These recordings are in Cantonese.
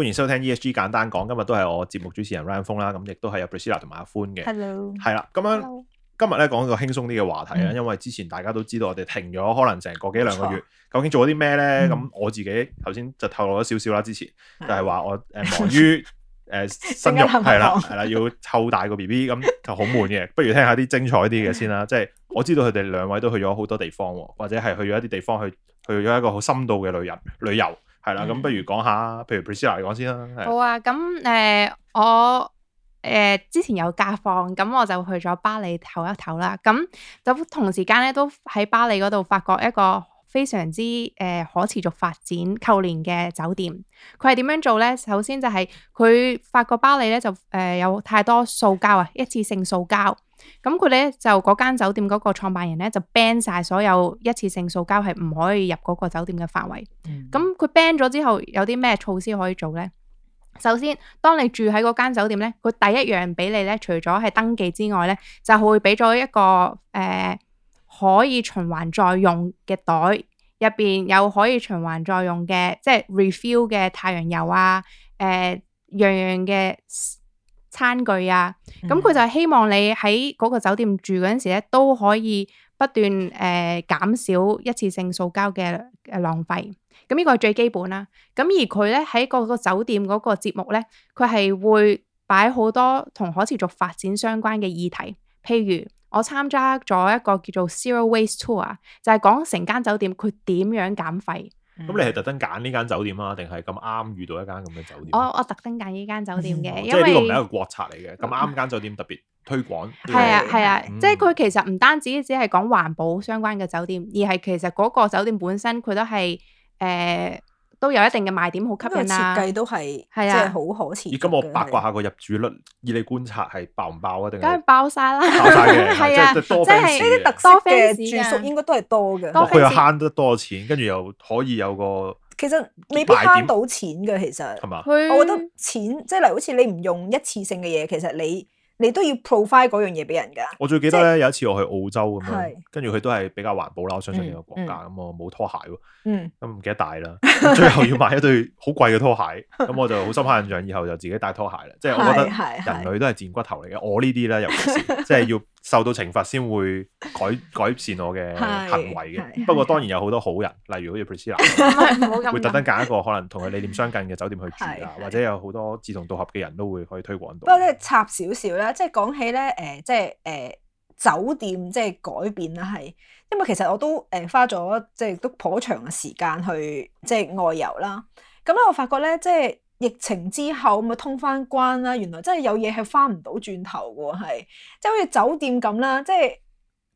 歡迎收聽 ESG 簡單講，今日都係我節目主持人 Rain 風啦，咁亦都係有 Priscilla 同埋阿歡嘅。Hello，係啦，咁樣今日咧講一個輕鬆啲嘅話題啊，嗯、因為之前大家都知道我哋停咗可能成個幾兩個月，錯究竟做咗啲咩咧？咁、嗯、我自己頭先就透露咗少少啦，之前就係話我誒忙於誒生育係啦係啦，要湊大個 B B，咁就好悶嘅，不如聽一下啲精彩啲嘅先啦。即係、嗯、我知道佢哋兩位都去咗好多地方，或者係去咗一啲地方去去咗一個好深度嘅旅遊旅遊。係啦，咁不如講下，譬如 Priscilla 嚟講先啦。好啊，咁誒、呃，我誒、呃、之前有假放，咁我就去咗巴厘唞一唞啦。咁就同時間咧，都喺巴厘嗰度發覺一個非常之誒、呃、可持續發展、扣連嘅酒店。佢係點樣做咧？首先就係佢發覺巴厘咧就誒、呃、有太多塑膠啊，一次性塑膠。咁佢哋就嗰間酒店嗰個創辦人咧，就 ban 曬所有一次性塑膠，係唔可以入嗰個酒店嘅範圍。咁佢 ban 咗之後有啲咩措施可以做呢？首先，當你住喺嗰間酒店咧，佢第一樣俾你咧，除咗係登記之外咧，就會俾咗一個誒、呃、可以循環再用嘅袋，入邊有可以循環再用嘅，即係 refill 嘅太陽油啊，誒、呃、樣樣嘅。餐具啊，咁佢、嗯、就希望你喺嗰個酒店住嗰陣時咧，都可以不斷誒減少一次性塑膠嘅誒浪費，咁呢個係最基本啦。咁而佢咧喺個個酒店嗰個節目咧，佢係會擺好多同可持續發展相關嘅議題，譬如我參加咗一個叫做 Zero Waste Tour，啊，就係講成間酒店佢點樣減廢。咁你係特登揀呢間酒店啊？定係咁啱遇到一間咁嘅酒店？我我特登揀呢間酒店嘅，哦、因為呢個唔係一個國策嚟嘅，咁啱間酒店特別推廣。係啊係啊，啊嗯、即係佢其實唔單止只係講環保相關嘅酒店，而係其實嗰個酒店本身佢都係誒。呃都有一定嘅賣點，好吸引啊！設計都係，係啊，即係好可持續。而今我八卦下個入住率，以你觀察係爆唔爆啊？定梗係爆晒啦！係啊，即係呢啲特色嘅住宿應該都係多嘅。多佢又慳得多錢，跟住又可以有個賣點，其實未必慳到錢嘅，其實係嘛？我覺得錢即係例如好似你唔用一次性嘅嘢，其實你。你都要 provide 嗰樣嘢俾人噶。我最記得咧有一次我去澳洲咁樣，跟住佢都係比較環保啦，我相信呢個國家，咁我冇拖鞋喎，咁唔記得帶啦，最後要買一對好貴嘅拖鞋，咁我就好深刻印象，以後就自己帶拖鞋啦。即係我覺得人類都係賤骨頭嚟嘅，我呢啲咧尤其是即係要。受到懲罰先會改改善我嘅行為嘅， 不過當然有好多好人， 例如好似 Priscilla，會特登揀一個可能同佢理念相近嘅酒店去住啊， 是或者有好多志同道合嘅人都會可以推廣到。不過咧插少少啦，即係講起咧誒，即係誒、呃呃、酒店即係改變啦，係因為其實我都誒花咗即係都頗長嘅時間去即係外遊啦，咁咧我發覺咧即係。即疫情之後咁啊，通翻關啦！原來真係有嘢係翻唔到轉頭嘅喎，係即係好似酒店咁啦，即係。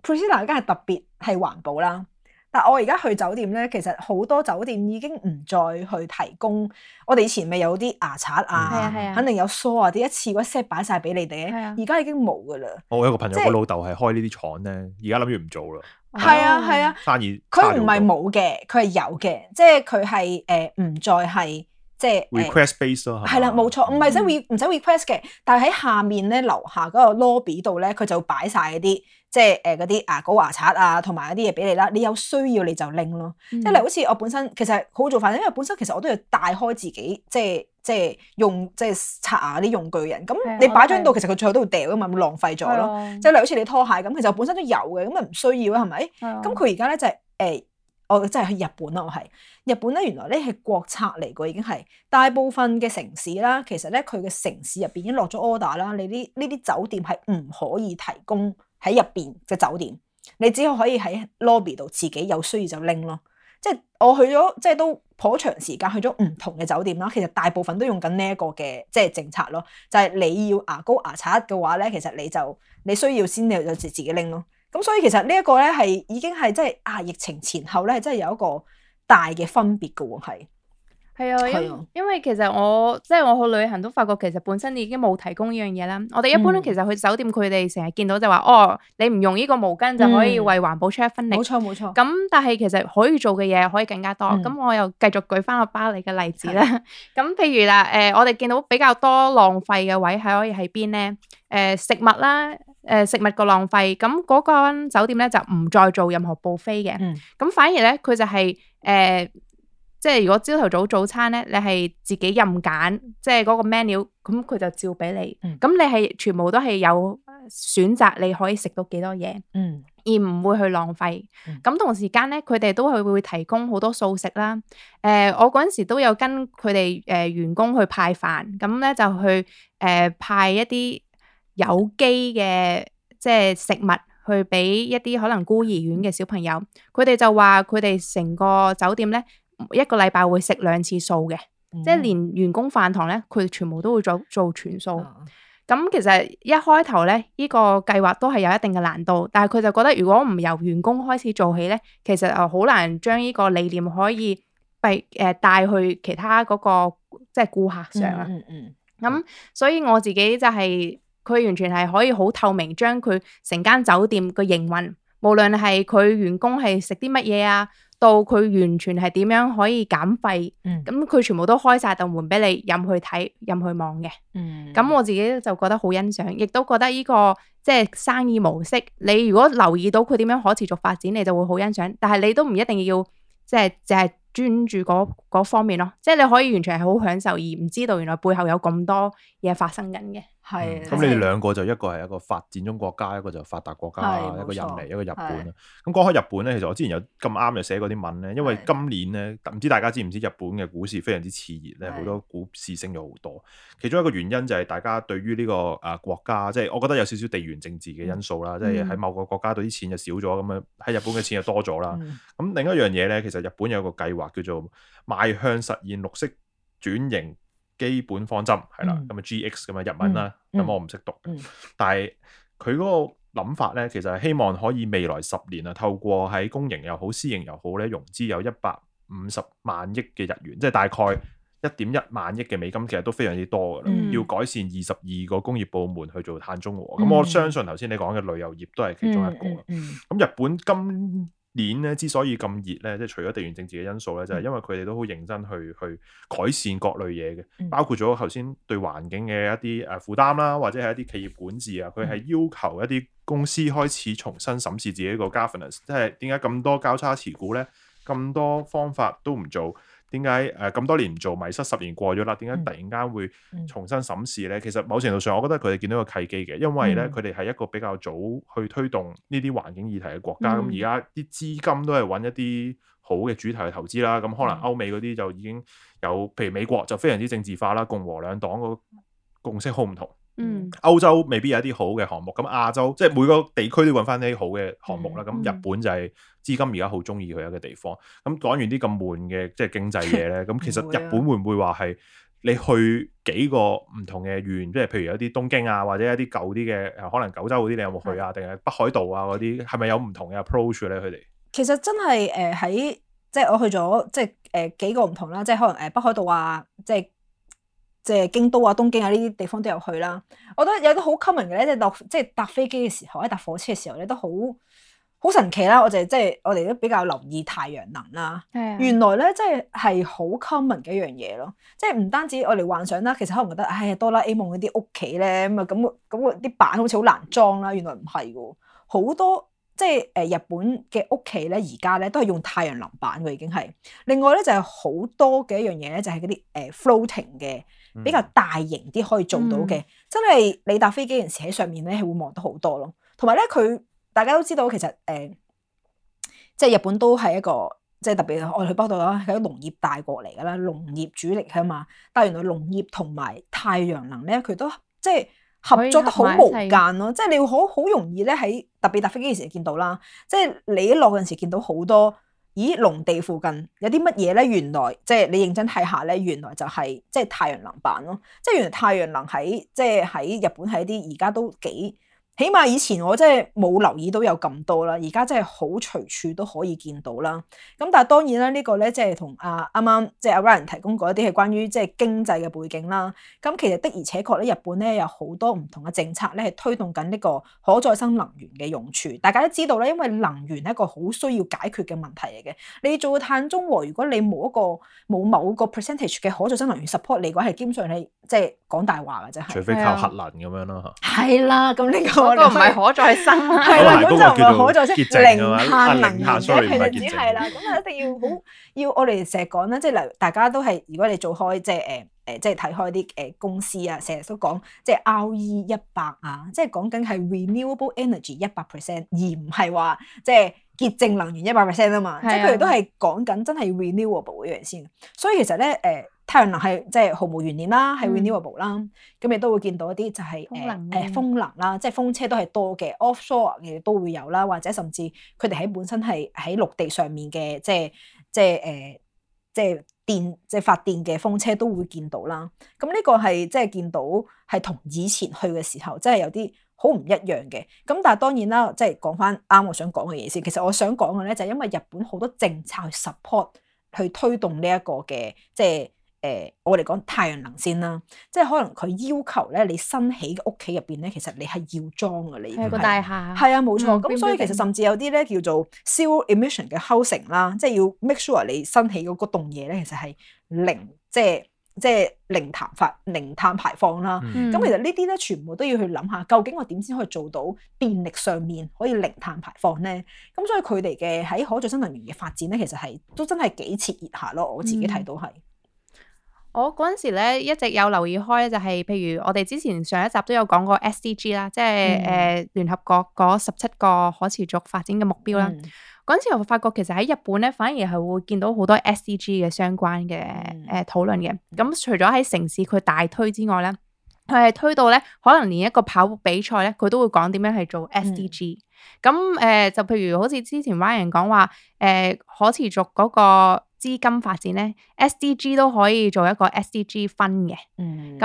Priscilla 而家係特別係環保啦。但係我而家去酒店咧，其實好多酒店已經唔再去提供我哋，以前咪有啲牙刷啊，係啊，肯定有梳啊啲一次嗰 set 擺晒俾你哋，而家、啊、已經冇嘅啦。我有個朋友，我老豆係開呢啲廠咧，而家諗住唔做啦。係啊係啊，反而佢唔係冇嘅，佢係有嘅，即係佢係誒唔再係。即係 request base 咯，係、呃、啦，冇錯，唔係使 r 唔使 request 嘅，是是 re, re 嗯、但係喺下面咧樓下嗰個 lobby 度咧，佢就擺晒一啲即係誒嗰啲牙膏牙刷啊，同埋、啊、一啲嘢俾你啦。你有需要你就拎咯。嗯、即係例如你好似我本身其實好做煩，因為本身其實我都要帶開自己即係即係用即係刷牙啲用具人咁對你擺張度，其實佢最後都會掉噶嘛，會浪費咗咯。即係例如好似你拖鞋咁，其實我本身都有嘅，咁咪唔需要啊係咪？咁佢而家咧就係、是、誒。f air f air 我真係去日本啦，我係日本咧，原來咧係國策嚟嘅，已經係大部分嘅城市啦。其實咧，佢嘅城市入邊已經落咗 order 啦。你呢呢啲酒店係唔可以提供喺入邊嘅酒店，你只可以喺 lobby 度自己有需要就拎咯。即係我去咗，即係都頗長時間去咗唔同嘅酒店啦。其實大部分都用緊呢一個嘅即係政策咯，就係你要牙膏牙刷嘅話咧，其實你就你需要先你就自己拎咯。咁、嗯、所以其實呢一個咧係已經係即係啊，疫情前後咧，真係有一個大嘅分別嘅喎。係啊，因為其實我即係我去旅行都發覺，其實本身已經冇提供呢樣嘢啦。我哋一般其實去酒店，佢哋成日見到就話、嗯、哦，你唔用呢個毛巾就可以為環保出一分力。冇錯冇錯。咁但係其實可以做嘅嘢可以更加多。咁、嗯、我又繼續舉翻個巴里嘅例子啦。咁的 譬如啦，誒、呃，我哋見到比較多浪費嘅位係可以喺邊呢？誒、呃，食物啦，誒、呃，食物個浪費。咁嗰間酒店咧就唔再做任何 buffet 嘅，咁、嗯、反而咧佢就係、是、誒。呃即係如果朝頭早早餐咧，你係自己任揀，即係嗰個 menu，咁佢就照俾你。咁、嗯、你係全部都係有選擇，你可以食到幾多嘢，嗯、而唔會去浪費。咁、嗯、同時間咧，佢哋都係會提供好多素食啦。誒、呃，我嗰陣時都有跟佢哋誒員工去派飯，咁咧就去誒、呃、派一啲有機嘅即係食物去俾一啲可能孤兒院嘅小朋友。佢哋就話佢哋成個酒店咧，一個禮拜會食兩次素嘅，嗯、即係連員工飯堂咧，佢全部都會做做全素。咁、嗯、其實一開頭咧，呢個計劃都係有一定嘅難度，但係佢就覺得如果唔由員工開始做起咧，其實啊好難將呢個理念可以被誒帶去其他嗰、那個即係顧客上啊。咁、嗯嗯嗯嗯嗯、所以我自己就係、是、佢完全係可以好透明，將佢成間酒店嘅營運，無論係佢員工係食啲乜嘢啊。到佢完全係點樣可以減廢，咁佢、嗯、全部都開晒道門俾你任去睇任去望嘅。咁、嗯、我自己就覺得好欣賞，亦都覺得呢、這個即係生意模式。你如果留意到佢點樣可持續發展，你就會好欣賞。但係你都唔一定要即係淨係專注嗰方面咯，即係你可以完全係好享受而唔知道原來背後有咁多嘢發生緊嘅。係，咁你哋兩個就一個係一個發展中國家，一個就發達國家，一個印尼，的一個日本啦。咁講開日本咧，其實我之前有咁啱又寫過啲文咧，因為今年咧，唔知大家知唔知日本嘅股市非常之熾熱咧，好的多股市升咗好多。其中一個原因就係大家對於呢個啊國家，即係我覺得有少少地緣政治嘅因素啦，即係喺某個國家對啲錢就少咗咁樣，喺的日本嘅錢就多咗啦。咁的的另一樣嘢咧，其實日本有個計劃叫做邁向實現綠色轉型。基本方針係啦，咁啊 GX 咁啊日文啦，咁、嗯嗯、我唔識讀。嗯嗯、但係佢嗰個諗法咧，其實係希望可以未來十年啊，透過喺公營又好、私營又好咧，融資有一百五十萬億嘅日元，即係大概一點一萬億嘅美金，其實都非常之多㗎喇。嗯、要改善二十二個工業部門去做碳中和，咁、嗯、我相信頭先你講嘅旅遊業都係其中一個。咁日本今年咧之所以咁熱咧，即係除咗地緣政治嘅因素咧，就係因為佢哋都好認真去去改善各類嘢嘅，包括咗頭先對環境嘅一啲誒負擔啦，或者係一啲企業管治啊，佢係要求一啲公司開始重新審視自己個 governance，即係點解咁多交叉持股咧，咁多方法都唔做。點解誒咁多年唔做迷失十年過咗啦？點解突然間會重新審視呢？其實某程度上，我覺得佢哋見到一個契機嘅，因為呢，佢哋係一個比較早去推動呢啲環境議題嘅國家。咁而家啲資金都係揾一啲好嘅主題去投資啦。咁可能歐美嗰啲就已經有，譬如美國就非常之政治化啦，共和兩黨個共識好唔同。嗯，歐洲未必有一啲好嘅項目，咁亞洲即係、就是、每個地區都揾翻啲好嘅項目啦。咁、嗯、日本就係資金而家好中意去一個地方。咁講完啲咁悶嘅即係經濟嘢咧，咁其實日本會唔會話係你去幾個唔同嘅縣，即係、嗯、譬如有啲東京啊，或者一啲舊啲嘅，可能九州嗰啲，你有冇去啊？定係、嗯、北海道啊嗰啲，係咪有唔同嘅 approach 咧？佢哋其實真係誒喺即係我去咗即係誒幾個唔同啦，即、就、係、是、可能誒北海道啊，即係。即係京都啊、東京啊呢啲地方都有去啦。我覺得有啲好 common 嘅咧，即係落即係搭飛機嘅時候，或者搭火車嘅時候咧，都好好神奇啦。我哋、就係、即係我哋都比較留意太陽能啦。係的，原來咧即係係好 common 嘅一樣嘢咯。即係唔單止我哋幻想啦，其實可能覺得唉哆啦 A 夢嗰啲屋企咧咁啊咁咁啲板好似好難裝啦。原來唔係㗎，好多即係誒日本嘅屋企咧，而家咧都係用太陽能板嘅已經係。另外咧就係好多嘅一樣嘢咧，就係嗰啲誒 floating 嘅。嗯、比較大型啲可以做到嘅，嗯、真係你搭飛機嘅時喺上面咧係會望得好多咯。同埋咧佢大家都知道其實誒、呃，即係日本都係一個即係特別我哋去嗰度啦，係、哦、一個農業大國嚟㗎啦，農業主力啊嘛。但係原來農業同埋太陽能咧，佢都即係合作得好無間咯。即係你會好好容易咧喺特別搭飛機嘅時候見到啦。即係你一落嘅時見到好多。咦，農地附近有啲乜嘢咧？原來即係你認真睇下咧，原來就係即係太陽能板咯。即係原來太陽能喺即係喺日本係一啲而家都幾。起碼以前我真係冇留意到有咁多啦，而家真係好隨處都可以見到啦。咁但係當然啦，呢個咧即係同阿啱啱即係阿 Ryan 提供過一啲係關於即係經濟嘅背景啦。咁其實的而且確咧，日本咧有好多唔同嘅政策咧係推動緊呢個可再生能源嘅用處。大家都知道咧，因為能源係一個好需要解決嘅問題嚟嘅。你做碳中和，如果你冇一個冇某個 percentage 嘅可再生能源 support 你嘅話，係基本上係即係講大話嘅啫。除非靠核能咁樣啦吓。係啦，咁呢個。嗰個唔係可再生，啊、 了生，咁就唔叫可再生，零碳能源，佢哋只係啦。咁啊，Sorry, 一定要好，要我哋成日講啦，即係嚟大家都係，如果你做開即係誒誒，即係睇、呃、開啲誒公司啊，成日都講即係 RE 一百啊，即係講緊係 renewable energy 一百 percent，而唔係話即係潔淨能源一百 percent 啊嘛。 即係佢哋都係講緊真係 renewable 嗰樣先。所以其實咧誒。呃太陽能係即係毫無懸念啦，係 renewable 啦、嗯，咁你都會見到一啲就係誒誒風能啦，即係風車都係多嘅，offshore 嘅都會有啦，或者甚至佢哋喺本身係喺陸地上面嘅，即係即係誒、呃、即係電即係發電嘅風車都會見到啦。咁呢個係即係見到係同以前去嘅時候真係、即係、有啲好唔一樣嘅。咁但係當然啦，即係講翻啱我想講嘅嘢先。其實我想講嘅咧就係因為日本好多政策去 support 去推動呢、呢、一個嘅即係。誒、呃，我哋講太陽能先啦，即係可能佢要求咧，你新起嘅屋企入邊咧，其實你係要裝嘅，你係個大廈，係、嗯、啊，冇錯。咁、嗯嗯、所以其實甚至有啲咧叫做 zero emission 嘅構成啦，即係要 make sure 你新起嗰棟嘢咧，其實係零，即係即係零碳排零碳排放啦。咁、嗯嗯、其實呢啲咧，全部都要去諗下，究竟我點先可以做到電力上面可以零碳排放咧？咁所以佢哋嘅喺可再生能源嘅發展咧，其實係都真係幾熾熱下咯。我自己睇到係。我嗰陣時咧，一直有留意開咧，就係譬如我哋之前上一集都有講過 SDG 啦，即係誒聯合國嗰十七個可持續發展嘅目標啦。嗰陣、嗯、時我發覺其實喺日本咧，反而係會見到好多 SDG 嘅相關嘅誒討論嘅。咁、嗯、除咗喺城市佢大推之外咧，佢係推到咧，可能連一個跑步比賽咧，佢都會講點樣係做 SDG。咁誒、嗯、就譬如好似之前 Ryan 講話誒可持續嗰、那個。資金發展呢 SDG 都可以做一個 SDG 分嘅，咁、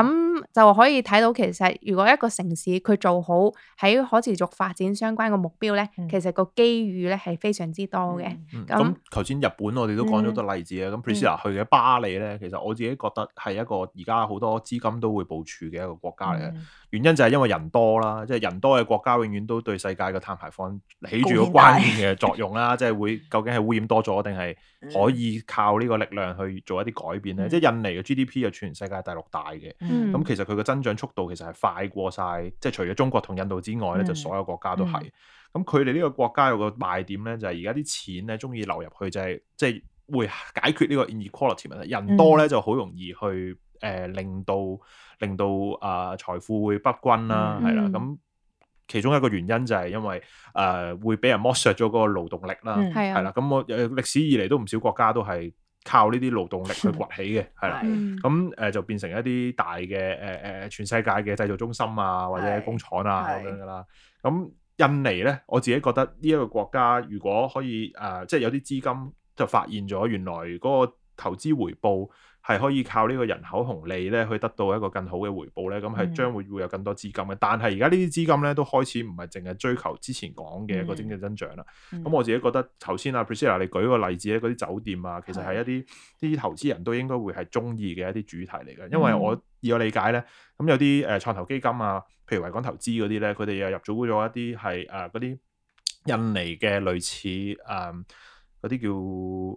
嗯、就可以睇到其實如果一個城市佢做好喺可持續發展相關嘅目標呢，嗯、其實個機遇呢係非常之多嘅。咁頭先日本我哋都講咗好多例子啊。咁、嗯、Priscilla 去嘅峇里呢，嗯、其實我自己覺得係一個而家好多資金都會部署嘅一個國家嚟嘅，嗯、原因就係因為人多啦，即、就、係、是、人多嘅國家永遠都對世界嘅碳排放起住好關鍵嘅作用啦。即係然 會究竟係污染多咗定係可以？靠呢個力量去做一啲改變咧，嗯、即係印尼嘅 GDP 係全世界第六大嘅，咁、嗯、其實佢嘅增長速度其實係快過晒，即、就、係、是、除咗中國同印度之外咧，嗯、就所有國家都係。咁佢哋呢個國家有個賣點咧，就係而家啲錢咧鍾意流入去就係即係會解決呢個 inequality 問題，人多咧就好容易去誒、嗯呃、令到令到啊、呃、財富會不均啦，係啦咁。的其中一個原因就係因為誒、呃、會俾人剝削咗嗰個勞動力啦，係啦、嗯，咁我歷史以嚟都唔少國家都係靠呢啲勞動力去崛起嘅，係、嗯、啦，咁誒、嗯、就變成一啲大嘅誒誒全世界嘅製造中心啊，或者工廠啊咁樣噶啦。咁的的印尼咧，我自己覺得呢一個國家如果可以誒，即、呃、係、就是、有啲資金就發現咗原來嗰個投資回報。係可以靠呢個人口紅利咧，去得到一個更好嘅回報咧。咁係將會會有更多資金嘅，嗯、但係而家呢啲資金咧都開始唔係淨係追求之前講嘅個經濟增長啦。咁、嗯嗯、我自己覺得頭先阿 Priscilla 你舉個例子咧，嗰啲酒店啊，其實係一啲啲是投資人都應該會係中意嘅一啲主題嚟嘅。因為我以我理解咧，咁有啲誒創投基金啊，譬如維港投資嗰啲咧，佢哋又入組咗一啲係誒嗰啲印尼嘅類似誒嗰啲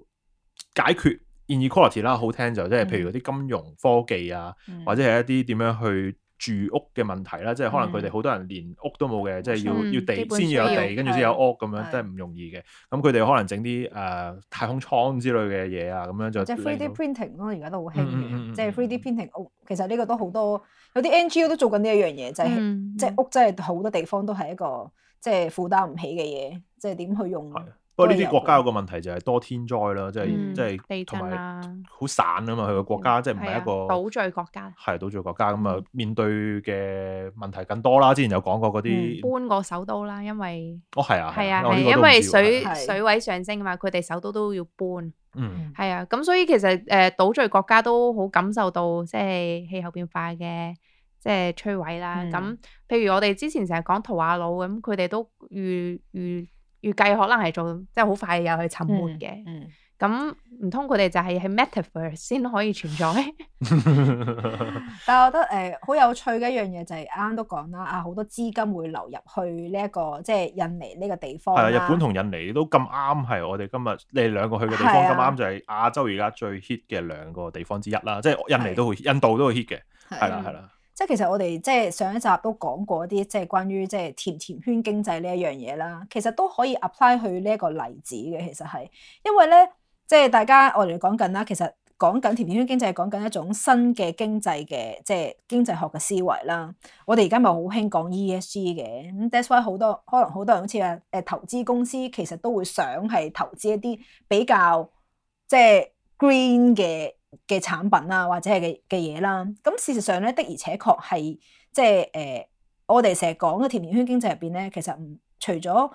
叫解決。建議 quality 啦，好聽就即係譬如嗰啲金融科技啊，或者係一啲點樣去住屋嘅問題啦，即係可能佢哋好多人連屋都冇嘅，即係要要地先要有地，跟住先有屋咁樣，真係唔容易嘅。咁佢哋可能整啲誒太空艙之類嘅嘢啊，咁樣就，即係 3D printing 咯，而家都好興嘅，即係 3D printing 屋。其實呢個都好多有啲 NGO 都做緊呢一樣嘢，就係即係屋真係好多地方都係一個即係負擔唔起嘅嘢，即係點去用。不過呢啲國家有個問題就係多天災啦，即係即係地同埋好散啊嘛，佢個國家即係唔係一個島嶼國家，係島嶼國家咁啊，面對嘅問題更多啦。之前有講過嗰啲搬過首都啦，因為哦係啊係啊，係因為水水位上升啊嘛，佢哋首都都要搬。嗯，係啊，咁所以其實誒島嶼國家都好感受到即係氣候變化嘅即係摧毀啦。咁譬如我哋之前成日講圖瓦魯咁，佢哋都遇遇。預計可能係做即係好快又去沉沒嘅，咁唔通佢哋就係喺 Metaverse 先可以存在？ 但係我覺得誒好、呃、有趣嘅一樣嘢就係啱啱都講啦，啊好多資金會流入去呢、這、一個即係印尼呢個地方啦。係啊，日本同印尼都咁啱係我哋今日你哋兩個去嘅地方咁啱的的就係亞洲而家最 hit 嘅兩個地方之一啦，即係印尼都會，印度都會 hit 嘅，係啦係啦。即係其實我哋即係上一集都講過啲即係關於即係甜甜圈經濟呢一樣嘢啦，其實都可以 apply 去呢一個例子嘅。其實係因為咧，即係大家我哋講緊啦，其實講緊甜甜圈經濟係講緊一種新嘅經濟嘅即係經濟學嘅思維啦。我哋而家咪好興講 ESG 嘅，咁，嗯，that's why 好多可能好多人好似話誒投資公司其實都會想係投資一啲比較即係 green 嘅嘅產品啊，或者係嘅嘅嘢啦，咁事實上咧，的而且確係即係誒、呃，我哋成日講嘅甜甜圈經濟入邊咧，其實除咗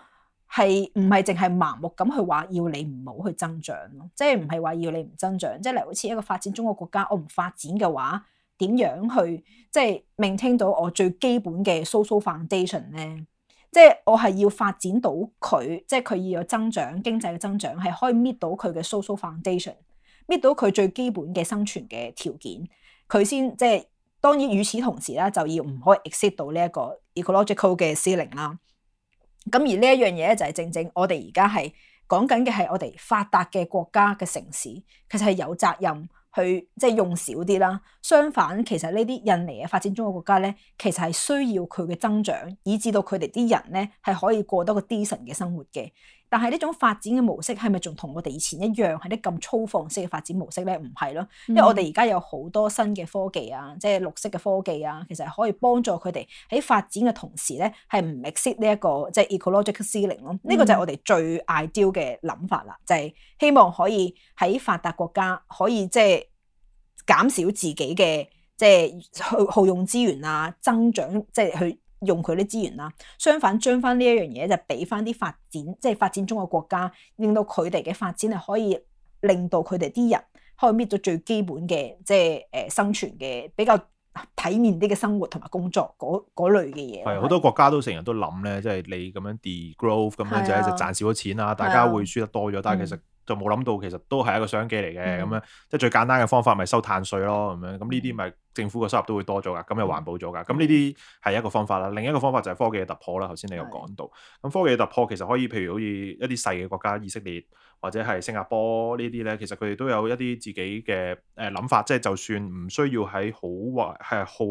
係唔係淨係盲目咁去話要你唔好去增長咯，即係唔係話要你唔增長，即係例如好似一個發展中國國家，我唔發展嘅話，點樣去即係命聽到我最基本嘅 social foundation 咧？即係我係要發展到佢，即係佢要有增長，經濟嘅增長係可以搣到佢嘅 social foundation。搣到佢最基本嘅生存嘅條件，佢先即係當然。與此同時咧，就要唔可以 exceed 到呢一個 ecological 嘅 ceiling 啦。咁而呢一樣嘢咧，就係正正我哋而家係講緊嘅係我哋發達嘅國家嘅城市，其實係有責任去即係用少啲啦。相反，其實呢啲印尼嘅發展中國家咧，其實係需要佢嘅增長，以至到佢哋啲人咧係可以過多個 decent 嘅生活嘅。但係呢種發展嘅模式係咪仲同我哋以前一樣係啲咁粗放式嘅發展模式咧？唔係咯，因為我哋而家有好多新嘅科技啊，即係綠色嘅科技啊，其實可以幫助佢哋喺發展嘅同時咧，係唔 exceed 呢一個即係 ecological ceiling 咯。呢個就係我哋最 ideal 嘅諗法啦，就係、是、希望可以喺發達國家可以即係減少自己嘅即係耗耗用資源啊，增長即係去。用佢啲資源啦，相反將翻呢一樣嘢就俾翻啲發展，即係發展中國家，令到佢哋嘅發展係可以令到佢哋啲人可以搣到最基本嘅，即係誒、呃、生存嘅比較體面啲嘅生活同埋工作嗰類嘅嘢。係好多國家都成日都諗咧，即係你咁樣 degrowth 咁樣就就賺少咗錢啦，啊、大家會輸得多咗，啊、但係其實、嗯。就冇諗到，其實都係一個商機嚟嘅咁樣，即係最簡單嘅方法，咪收碳稅咯咁樣。咁呢啲咪政府嘅收入都會多咗噶，咁又環保咗噶。咁呢啲係一個方法啦。另一個方法就係科技嘅突破啦。頭先你有講到，咁的科技嘅突破其實可以，譬如好似一啲細嘅國家，以色列或者係新加坡呢啲咧，其實佢哋都有一啲自己嘅誒諗法，即、就、係、是、就算唔需要喺好環係好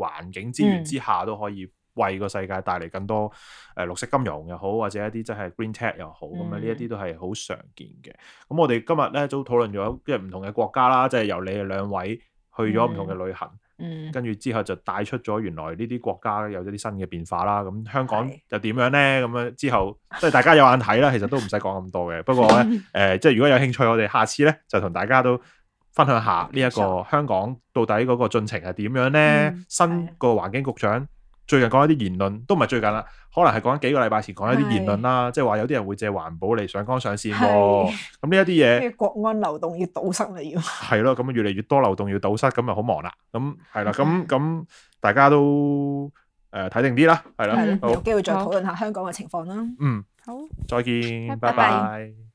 環境之源之下都可以。嗯為個世界帶嚟更多誒綠色金融又好，或者一啲即係 green tech 又好咁樣，呢一啲都係好常見嘅。咁我哋今日咧都討論咗即係唔同嘅國家啦，即係由你哋兩位去咗唔同嘅旅行，跟住、嗯嗯、之後就帶出咗原來呢啲國家有咗啲新嘅變化啦。咁香港又點樣呢？咁樣是之後即係大家有眼睇啦。 其實都唔使講咁多嘅。不過咧誒、呃，即係如果有興趣，我哋下次咧就同大家都分享下呢一個香港到底嗰個進程係點樣呢？嗯、新個環境局長。最近講一啲言論都唔係最近啦，可能係講緊幾個禮拜前講一啲言論啦，即係話有啲人會借環保嚟上綱上線喎。咁呢一啲嘢，嗯、國安流動要堵塞啦，要係咯，咁越嚟越多流動要堵塞，咁咪好忙啦。咁係啦，咁咁、嗯、大家都誒睇、呃、定啲啦。係啦，好有機會再討論下香港嘅情況啦。好嗯，好，再見，拜拜。Bye bye